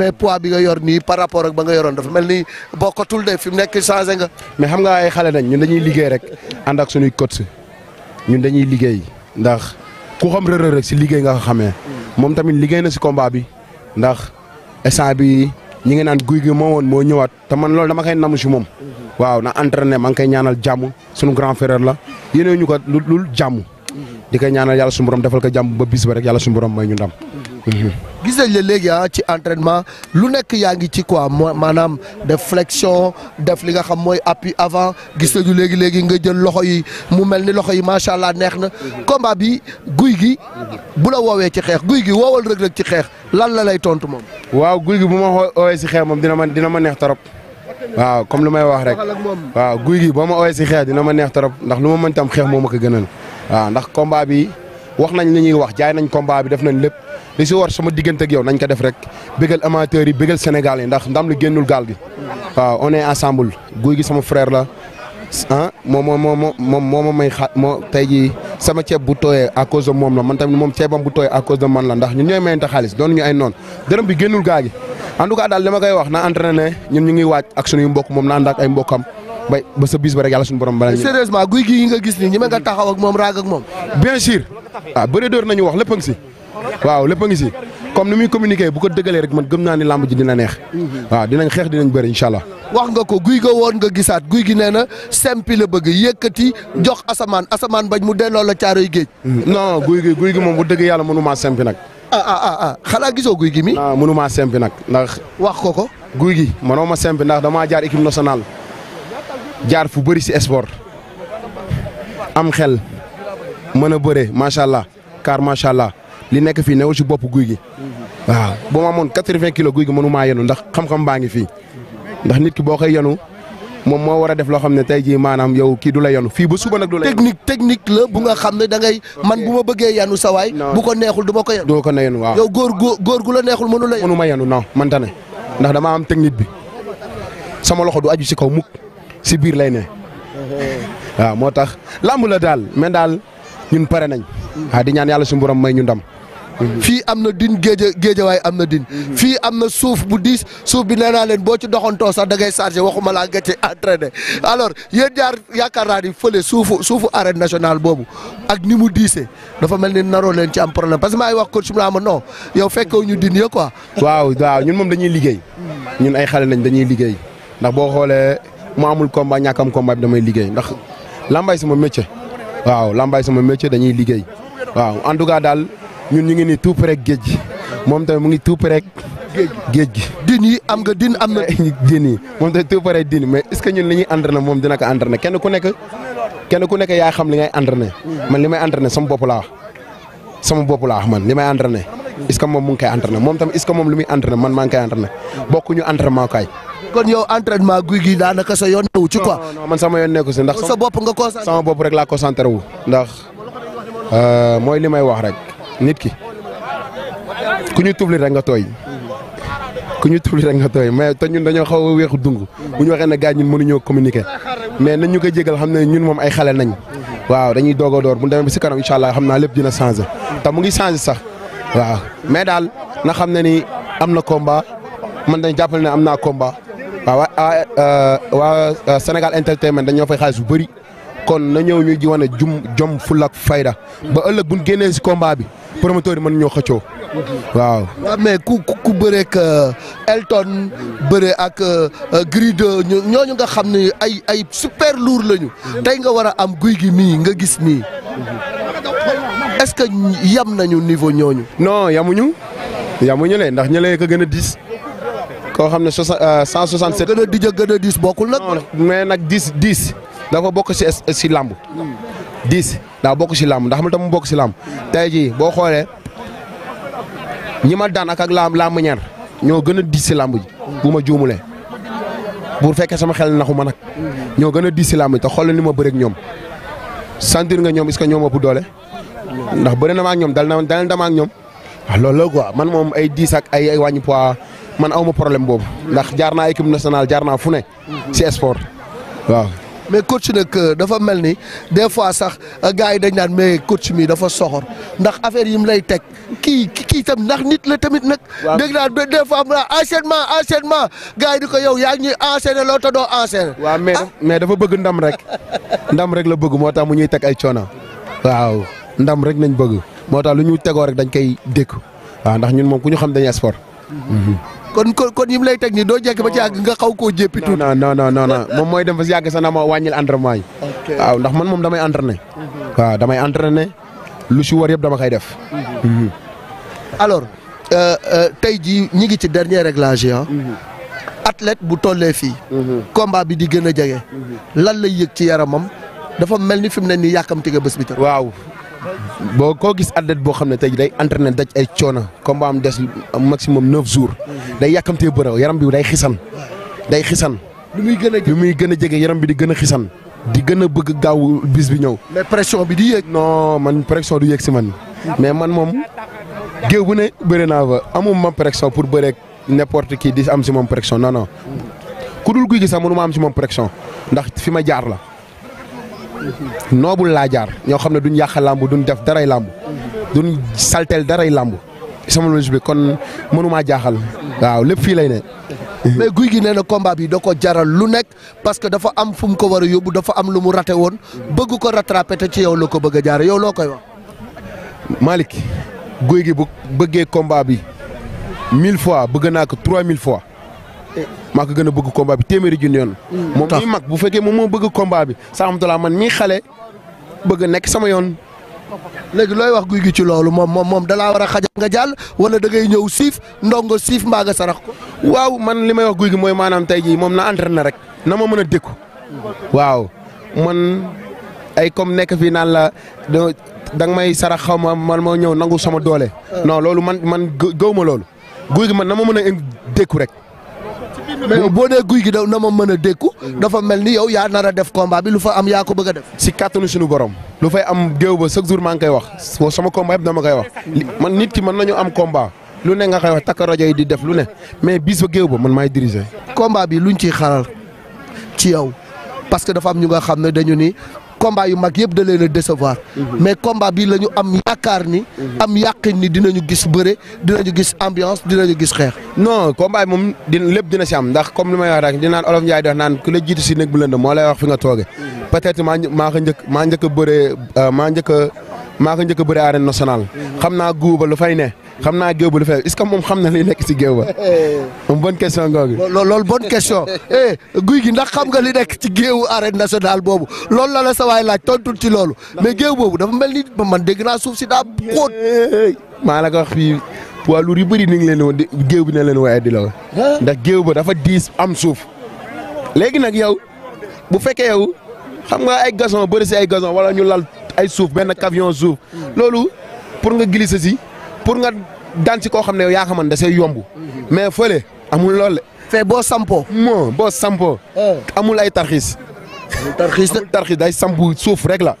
mais pois bi nga yor nii par rapport ak ba nga yoroon dafa mel ni bokkatul de fi mu nekk changé nga. mais xam nga ay xale nañ ñun dañuy liggéey rek ànd ak suñuy coach ñun dañuy liggéey ndax ku xam Reug Reug rek si liggéey nga ko xamee. moom tamit liggéey na si combat bi ndax instant bi ñi ngi naan guy gi moom woon moo ñëwaat te man loolu dama koy namu si moom. waaw na entraîné maa ngi koy ñaanal jàmm suñu grand frère la yéen ñu ko lu jàmm. di koy ñaanal yàlla suñu borom defal ko jàmm ba bis ba borom may ñu ndam. gis nañ la léegi ah ci entraînement lu nekk yaa ngi ci quoi maanaam def flexion def li nga xam mooy appui avant gis nañu léegi léegi nga jël loxo yi mu mel ni loxo yi macha allah neex na combat bi guy gi bu la woowee ci xeex guy gi woowal Reug Reug ci xeex lan la lay tontu moom. waaw guy gi bu ma woowee si xeex moom dina ma dina ma neex trop. waaw comme lu may wax rek waaw guy gi ba ma ooyee si xeex dina ma neex trop ndax lu ma mën tam xeex moom ma ko gënal waaw ndax combat bi wax nañ li ñuy wax jaay nañ combat bi def nañ lépp li si war sama diggante ak yow nañ ko def rek bégal amateurs yi bégal Sénégal yi ndax ndam li génnul gaal gi. waaw on est guy gi sama frère la ah moom moo moo moo ma may xaat moo tey jii sama ceeb bu tooyee à cause de moom la man tamit moom ceebam bu tooyee à cause de man la ndax ñun ñooy mayante xaalis doonu ñu ay noon dërëm bi génnul gaa gi. en tout cas daal li ma koy wax na entraîné ñun ñu ngi waaj ak suñuy mbokk moom na ànd ak ay mbokkam. bay ba sa bis ba rek yàlla suñu borom bala ñu. sérieusement guy gi nga gis nii ñi ma nga ak moom raag ak moom. bien sûr ah, door nañu wax lépp ngi si. waaw lépp a ngi si comme ni muy communiqué bu ko dëggalee rek man gëm naa ni làmb ji dina neex. waaw dinañ xeex dinañ bëri incha allah. wax nga ko guy ga woon nga gisaat guy gi nee na sempi la bëgg yëkkati jox asamaan asamaan bañ mu delloo la caaroy géej. Mm. non guy gi guy gi moom mu dëgg yàlla mënumaa sempi nag. Ah, ah ah ah xanaa gisoo guy gi mi. ah mënumaa sempi nag ndax. wax ko ko. guy gi mënoo ma sempi ndax damaa jaar équipe nationale jaar fu bëri si sport am xel mën a bëre macha allah li nekk fii newu si bopp guy gi waaw boo ma amoon quatre-vingts kilos guy gi mënu maa yenu ndax xam-xam baa ngi fii ndax nit ki boo koy yenu moom moo war a def loo xam ne tey jii maanaam yow kii du la yenu fii ba suba nag du la technique technique la bu nga xam ne da ngay man bu ma bëggee yanu sawaay bu ko neexul du ma ko yanu du ko yanu waaw yow góor gu góor gu la neexul mënu la mënu ma yanu mante ne ndax damaa am technique bi sama loxo du aju si kaw mukk si biir lay ne waaw moo tax làmb la daal mais daal ñun pare nañ mm-hmm. waaw di ñaan yàlla suñu borom may ñu ndam fii am na din géej géejawaay am na din mhm. fii am na suuf bu diis suuf bi nee naa leen boo ci doxantoo sax da ngay chargé waxuma laa nga ci entraîné alors yéen ñaar yaakaar naa ni fële suufu suufu arène nationale boobu ak ni mu diisee dafa mel ni naroo leen ci am problème parce que maa ngi wax coach mu naa ah, ma non yow fekkewu ñu din ya quoi waaw waaw ñun moom dañuy liggéey ñun ay xale nañ dañuy liggéey ndax boo xoolee mu amul combat ñàkkam combat bi damay liggéey ndax lambay sama métier waaw lambay sama métier dañuy liggéey ñun ñu ngi nii tout près géej moom tamit mu ngi tout près géej gi. din yi am nga din am na. din yi moom tamit tout près din mais est ce ñun li ñuy entraîné moom dina ko entraîné kenn ku nekk kenn ku nekk yaa xam li ngay entraîné. man li may entraîné sama bopp laa sama bopp laax man li may entraîné. est ce moom mu ngi koy entraîné moom tam est ce que moom lu muy entraîné man maa ngi koy entraîné bokkuñu entraînement kaay. kon yow entraînement guy gi daanaka sa yoon newu ci quoi. non sama yoon nekku si ndax. sa bopp nga concentré sama bopp rek laa concentré wu. ndax euh, mooy li may wax rek. nit ki ku ñu tufli rek nga tooy ku ñu tufli rek nga tooy mais te ñun dañoo xaw a weexu dung bu ñu waxee ne gars ñun mënuñoo communiquer mais nañ ñu ko jégal xam ne ñun moom ay xale nañ waaw dañuy doog a door bu demee si kanam incha allah xam naa lépp dina changer te mu ngi changer sax waaw mais daal na xam ne ni am na komba man dañ jàppale ne am naa komba waaw waa waa Sénégal entertainment dañoo fay xaalis bu bëri. kon na ñëw ñu ji wane jum jom fulla ak fayda. ba ëllëg bu ñu génnee si combat bi promoteur yi mën ñoo xëccoo. waaw. Ah, mais ku ku bëree ak euh, Elton bëree ak euh, euh, Gris ñooñu nga xam ne ay ay super lourd lañu. tey nga war a am guy gi mii nga gis nii. est-ce que yam nañu niveau ñooñu. non yamuñu yamuñu le ndax ñëlee ko gën a diis. koo xam ne soixante cent soixante sept. gën a dij gën a diis bokkul nag. mais nag diis diis. dafa bokk si si làmb. dix daa bokk si làmb ndax ma tam mu bokk si làmb. tey jii boo xoolee ñi mat daan ak ak làmb làmb ñoo gën a diis si làmb ji. bu ma juumulee. bu fekkee sama xel naxu ma nag. ñoo gën a diis si làmb ji te xoolal ni ma bëreeg ñoom. sentir nga ñoom est-ce que ñoom ëpp doole. ndax bëri na ma ñoom dal na dal na ñoom. waaw ah, loolu la quoi man moom ay diis ak ay ay wàññi man aw ma problème boobu. ndax jaar naa équipe nationale jaar naa fu ne. si sport waaw. mais coach nag euh, dafa mel ni des fois sax euh, gars yi dañ naan mais coach mi dafa soxor ndax affaire yi mu lay teg kii kii tam ndax nit la tamit nag. dégg naa des fois mu naan enchaînement enchaînement gars yi di ko yow yaa ngi ñuy enchaîné loo ta doo waaw mais ah. mais dafa bëgg ndam rek ndam rek la bëgg moo tax mu ñuy teg ay coono. waaw ndam rek nañ bëgg moo tax lu ñu tegoo rek dañ koy dékk waaw ndax ñun moom ku ñu xam dañuy sport. Mm-hmm. Mm-hmm. kon kon kon yim lay teg nii doo jekk ba ci àgg nga xaw koo jéppi tuuti. non non non moom mooy dem fa si yàgg sax na ma wàññil entraînement yi. waaw ndax man moom damay entraîné. Mhm. waaw damay ne lu si war yëpp dama koy def. Mhm. Mhm. alors euh, euh, tey ji ñi ngi ci dernier réglage ah. athlète bu tollee fii. combat bi di gën a jege. lan lay yëg ci yaram yaramam dafa mel ni fi mu ne nii yàkkamti nga bés bi waaw boo koo gis athlète boo xam ne tey day entraîné daj ay coono combat am des maximum neuf jours. day yàkkamtee bëre yaram bi day xisan. day xisan. lu muy gën a lu gën a jege yaram bi di gën a xisan. di gën a bëgg gaaw bis bi ñëw. mais pression bi di yéeg. non man pression du yéeg si man. mais man moom géew bu ne bëri naa ba amuma ma pression pour bëreeg n'importe kii di am si moom pression non non. ku dul guy gi sax mënuma am si moom pression ndax fi ma jaar la. noobul laa jaar ñoo xam ne duñ yàq làmb duñ def daray làmb duñ saltel daray làmb sama logique bi kon mënumaa jaaxal waaw lépp fii lay ne mais guy gi nee na combat bi da ko jaral lu nekk parce que dafa am fu mu ko war a yóbbu dafa am lu mu rate woon bëgg ko rattrapé te ci yow loo ko bëgg a jaare yow loo koy wax Malick guy gi bëggee combat bi mille fois bëgg naa ko trois mille fois maa ko gën a bëgg combat bi téeméeri junni yoon. Mm. moom mii mag bu fekkee moom moo bëgg combat bi sa alhamdulilah man mii xale bëgg nekk sama yoon. léegi looy wax guy gi ci loolu moom moom moom dalaa war a xajal nga jàll wala da ñëw siif ndongo siif mbaa nga sarax ko. waaw man li may wax guy gi mooy maanaam tey jii moom na entraîné rek na ma mën a dékku. waaw man ay comme nekk fii naan la danga may sarax xaw ma man ma ñëw nangu sama doole. Ah. no loolu man man gëw ma loolu. guy gi man na ma mën a dékku rek. boo dee guy gi daw na ma mën a dékku. dafa mel ni yow yaa nar def combat bi lu fa am yaa ko bëgg a def. si kàttanu suñu borom. lu fay am géew ba chaque jour maa ngi koy wax sama combat yëpp dama koy wax man nit ki mën nañu am combat. lu ne nga koy wax takk rajo yi di def lu ne mais bis ba géew ba man maay diriger. combat bi luñ ciy xaral ci yow parce que dafa am ñu nga xam ne dañu nii combat yu mag yëpp da a décevoir mhm. mais combat bi la ñu am yaakaar ni mhm. am yàqin ni dinañu gis bëre dinañu gis ambiance dinañu gis xeex non combat bi moom di lépp dina si am ndax comme li may wax rek dinaan olof Ndiaye di wax naan ku la jiitu si néeg bu lënd moo lay wax fi nga tooge mhm. peut maa maa maa njëkk a euh, maa njëkk maa ko njëkk a bëri arène nationale xam naa guuba lu fay ne xam naa géew ba lu fay est moom xam na li nekk si géew ba moom bonne question googu loolu bonne question eh guy gi ndax xam nga li nekk ci géewu arène nationale boobu loolu la la sa waay laaj tontul ci loolu mais géew boobu dafa mel ni man dégg naa suuf si daa xóot maa la ko wax fii poids lourd yu bëri ni ngi leen woon géew bi ne leen waaye di la ko ndax géew ba dafa diis am suuf léegi nag yow bu fekkee yow xam nga ay gazon bëri si ay gazon wala ñu lal ay suuf benn camion suuf. loolu pour nga glisser si pour nga daan koo xam ne yaa xaman da se yombu mais fële amul loolu la. fee boo sampoo. moo boo sampoo. Eh. amul ay tarxiis. amul tarxiis amul tarxiis day sampu suuf rek la.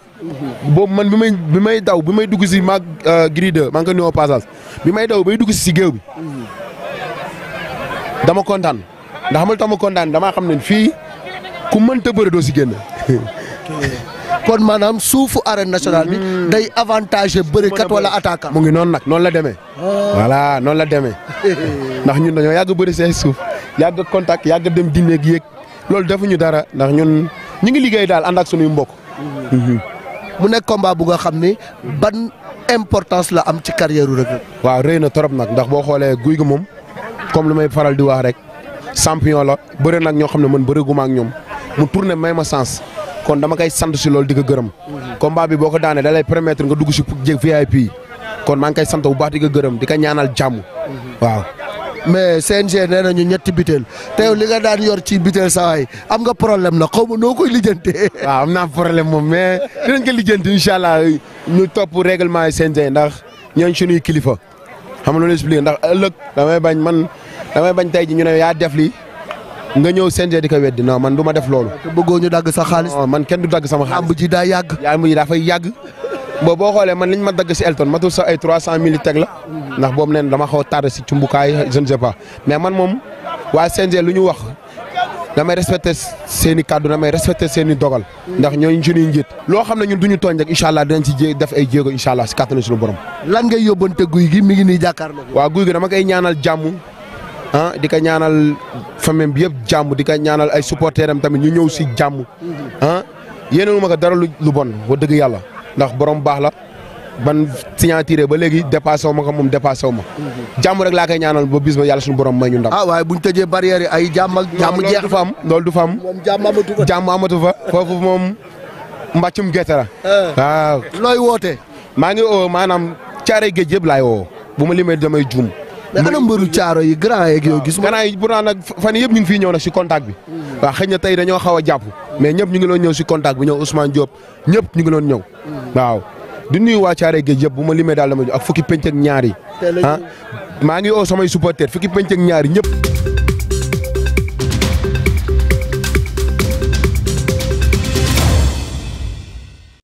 boo man bi may bi may daw bi may dugg si maag euh, Gris 2 maa ngi ko bi may daw bay dugg si si géew bi dama kontaan ndax xamul tax ma kontaan damaa xam ne fii ku mënta bëre doo si génn. kon maanaam suufu arène nationale bi hmm. day avantage kat wala attaquant. mu ngi noonu nag noonu la demee. Ah. voilà noonu la demee ndax ñun dañoo yàgg bëri see suuf yàgg contact yàgg dem dîner gi yëg loolu defuñu dara ndax ñun ñu ngi liggéey daal ànd ak suñuy mbokk. Hmm. Hmm. mu nekk mbaa bu nga xam ni ban importance la am ci carrière Reug waaw rëy na trop nag ndax boo xoolee guy gi moom comme lu may faral di wax rek champion la bëri nag ñoo xam ne man bëri gu ma ak ñoom mu tourné may ma sans kon dama koy sant si loolu di ko gërëm. combat bi boo ko daanee da lay permettre nga dugg si VIP kon maa ngi koy sant bu baax di ko gërëm di ko ñaanal jàmm. waaw. mais CNG nee nañu ñetti biteel te yow li nga daan yor ci biteel saa waay am nga problème na xaw ma noo ko lijjantee. waaw am naa problème moom mais dinañ ko lijjanti incha allah ñu topp règlement yi CNG ndax ñooñu suñuy kilifa xam nga loolu expliqué ndax ëllëg damay bañ man damay bañ tey ji ñu ne def nga ñëw CNG di ko weddi non man du ma def loolu. te bëggoo dagg sa xaalis. man kenn du dagg sama xaalis. làmb ji daa yàgg. yaa ngi boo xoolee man liñ ma dagg si Elton matul sa ay 300 mille teg la ndax boobu neen dama xaw taar si cumbukaay je ne sais mais man moom waa CNG lu ñu wax damay respecté seen i kàddu damay respecté seen seeni dogal. ndax ñooñu suñuy njiit. loo xam ne ñun du ñu tooñ rek incha allah dinañ si jé def ay jéego incha allah si kàttanu suñu borom. lan ngay gi mi ngi nii jàkkaarloo. waa guy gi dama koy ñaanal jàmm. ah di ko ñaanal famille bi yëpp jàmm di ko ñaanal ay supporteurs am tamit ñu ñëw si jàmm mhm. ah yéenewuma ko dara lu bon wa dëgg yàlla ndax borom baax la ban signature ba léegi dépassé wu ma ko moom dépassé wu ma. Mhm. jàmm rek laa koy ñaanal ba bis ba yàlla suñu borom may ñu ndam. ah waaye bu ñu tëjee barrière ay jàmm ak. jàmm jeex fa am loolu du fa am. moom jàmm amatu fa jàmm amatu fa foofu moom mbàccum gerte eh. waaw looy woote. maa ngi oo maanaam caare géej yëpp laay woo bu ma limee damay juum. mais ana mbëru caaro yi grand yeeg yow gis ma ganaayi pourtant nag fan yëpp ñu ngi fii ñëw nag si contact bi mm. waaw xëy na tey dañoo xaw a jàpp mais ñëpp ñu ngi loon ñëw si contact bi ñëw Ousmane Diop ñëpp ñu ngi loon ñëw mm. waaw di nuyu waa caaro géej yëpp bu ma limee daal dama ak fukki penc ak ñaar yi ah maa ngi oo samay supporter fukki penc ak ñaar yi ñëpp